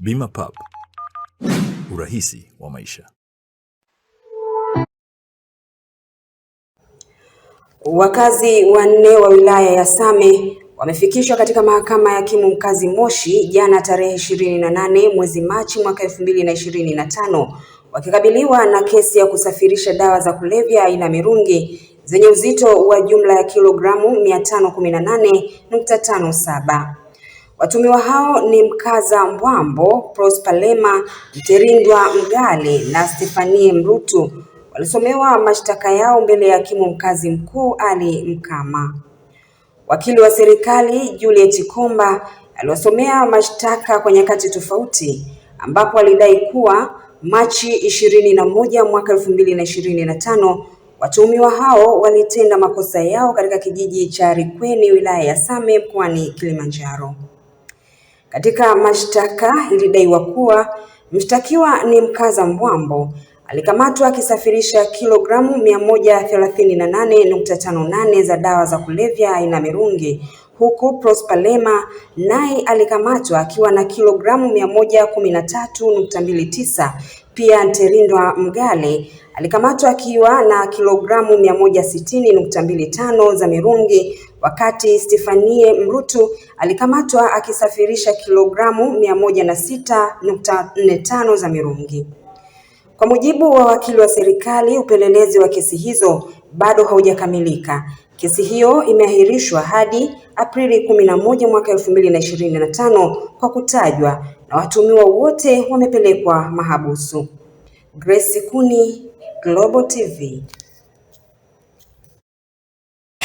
Bima pub, urahisi wa maisha. Wakazi wanne wa wilaya ya Same wamefikishwa katika mahakama ya hakimu mkazi Moshi jana tarehe ishirini na nane mwezi Machi mwaka elfu mbili na ishirini na tano wakikabiliwa na kesi ya kusafirisha dawa za kulevya aina mirungi zenye uzito wa jumla ya kilogramu mia tano kumi na nane nukta tano saba. Watumiwa hao ni Mkaza Mbwambo, Prosper Lema, Mterindwa Mgali na Stefanie Mrutu walisomewa mashtaka yao mbele ya hakimu mkazi mkuu Ali Mkama. Wakili wa serikali Juliet Komba aliwasomea mashtaka kwa nyakati tofauti ambapo alidai kuwa Machi ishirini na moja mwaka elfu mbili na ishirini na tano watuhumiwa hao walitenda makosa yao katika kijiji cha Rikweni wilaya ya Same mkoani Kilimanjaro. Katika mashtaka ilidaiwa kuwa mshtakiwa ni mkaza Mbwambo alikamatwa akisafirisha kilogramu mia moja thelathini na nane nukta tano nane za dawa za kulevya aina mirungi huku Prosper Lema naye alikamatwa akiwa na kilogramu mia moja kumi na tatu nukta mbili tisa pia Nterindwa Mgale alikamatwa akiwa na kilogramu mia moja sitini nukta mbili tano za mirungi wakati Stefanie Mrutu alikamatwa akisafirisha kilogramu mia moja na sita nukta nne tano za mirungi. Kwa mujibu wa wakili wa serikali, upelelezi wa kesi hizo bado haujakamilika. Kesi hiyo imeahirishwa hadi Aprili kumi na moja mwaka elfu mbili na ishirini na tano kwa kutajwa na watuhumiwa wote wamepelekwa mahabusu. Grace Kuni, Global TV.